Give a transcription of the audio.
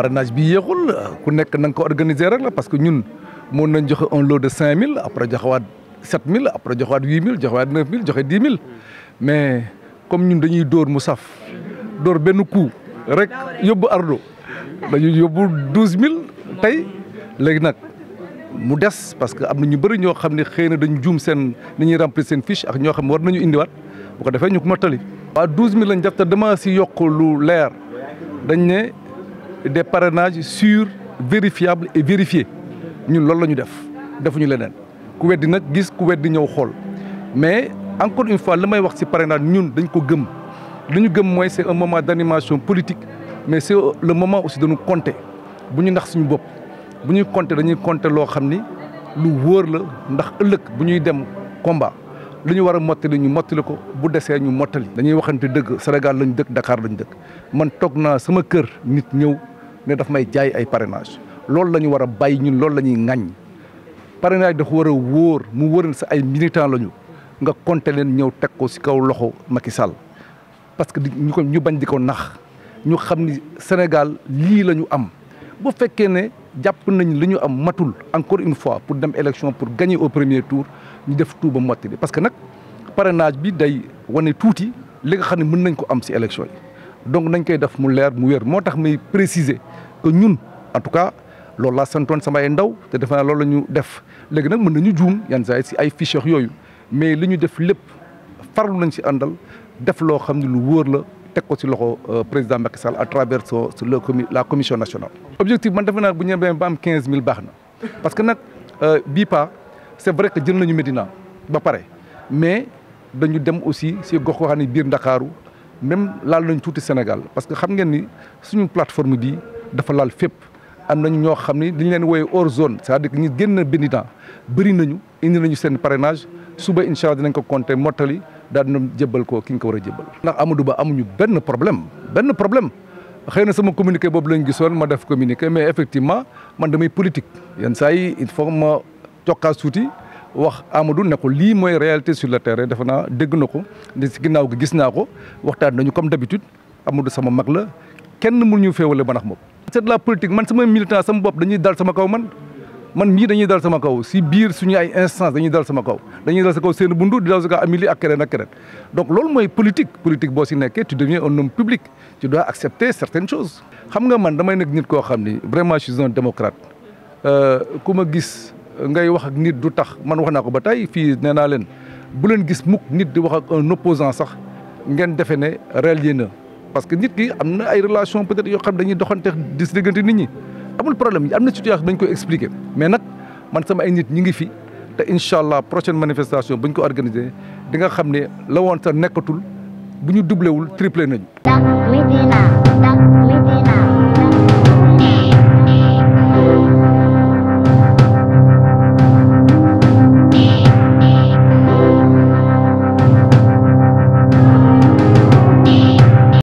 parrainage bi yeexul ku nek nang ko organiser rek la parce que ñun mo nañ joxe un lot de 5000 après joxewat 7000 après joxewat 8000 joxewat 9000 joxe 10000 mais comme ñun dañuy door musaf door benn coup rek yobbu ardo dañu yobbu 12000 tay legi nak mu dess parce que amna ñu bari ño xamni xeyna dañu joom sen dañuy remplir sen fiche ak ño xam war nañu indi wat bu ko defé ñuko matali wa 12000 lañ jafta dama ci yokku lu leer dañ ne des parrainages sûrs vérifiables et vérifiés Nous loolu nous Nous Nous ku fait Nous gis mais encore une fois le may wax ci parrainage nous, dañ ko gëm nous gëm c'est un moment d'animation politique mais c'est le moment aussi nous compter Nous nous, compter nous compter Nous combat li ñu war a mottali ñu mottali ko bu desee ñu mottali. dañuy waxante dëgg Sénégal lañ dëkk dakaar lañu dëkk man toog naa sama kër nit ñëw ne dafa may jaay ay parrainage loolu la ñu war a bàyyi ñun loolu la ñuy ŋaññi parrainage dafa war a wóor mu wóoral sa ay militant la ñu nga compter leen ñëw teg ko si kaw loxo Macky Sall parce que ñu ko ñu bañ di ko nax ñu xam ni Sénégal lii la ñu am bu fekkee ne jàpp nañ li ñu am matul encore une fois pour dem élection pour gagner premier tour. ñu def Touba mottali parce que nag parrainage bi day wane tuuti li nga xam ne mën nañ ko am si élection yi donc nañ koy def mu leer mu wér moo tax muy préciser que ñun en tout cas loolu laa santoon sama ay ndaw te defe naa loolu la ñu def léegi nag mën nañu juum yan saa ci ay fichier yooyu mais li ñu def lépp farlu nañ si àndal def loo xam ni lu wóor la teg ko ci loxo euh, président Macky Sall à travers son la commission nationale. objectif man defe naa baax na parce que euh, c'est vrai que jël nañu Médina ba paré mais dañu dem aussi si gox goxaan yi biir Ndakaaru même laal nañ touti Sénégal parce que xam ngeen ni suñu plateforme bi dafa laal fep am nañ ño xamni ni leen wooyee hors zone c'est-à-dire ñi genn génn Médina nañu indi nañu sen parrainage suba inshallah allah dinañ ko compter motali daal dina jëbbal ko ki nga ko war a ndax Amadou Ba amuñu benn problème benn problème xeyna sama communiqué bobu lañu gissone ma def communiqué mais effectivement man damay politique yeen say il faut ma tokkaa suuti wax Amadou ne ko lii mooy réalité sur le terrain defe naa dégg na ko di si ginnaaw gi gis naa ko waxtaan nañu comme d'habitude Amadou sama mag la kenn mun ñu féewale man ak moom. c'est de la politique man sama militant sama bopp dañuy dal sama kaw man man mii dañuy dal sama kaw si biir suñu ay instance dañuy dal sama kaw dañuy dal sa kaw seen bundu di dal sa kaw amili ak keneen ak keneen donc loolu mooy politique politique boo si nekkee tu deviens un homme public tu dois xam nga man damay nekk nit koo xam ni vraiment je suis un démocrate euh, ku ma gis. ngay wax ak nit du tax man wax naa ko ba tey fii nee naa leen bu leen gis mukk nit di wax ak un opposant sax ngeen defe ne relié na parce que nit ki am na ay relation peut-être yoo xam dañuy doxante di si diggante nit ñi amul problème am na situation dañ ko expliquer mais nag man sama ay nit ñi ngi fi te incha allah prochaine manifestation bu ñu ko organiser di nga xam ne la woon sax nekkatul bu ñu doublé wul triplé nañu.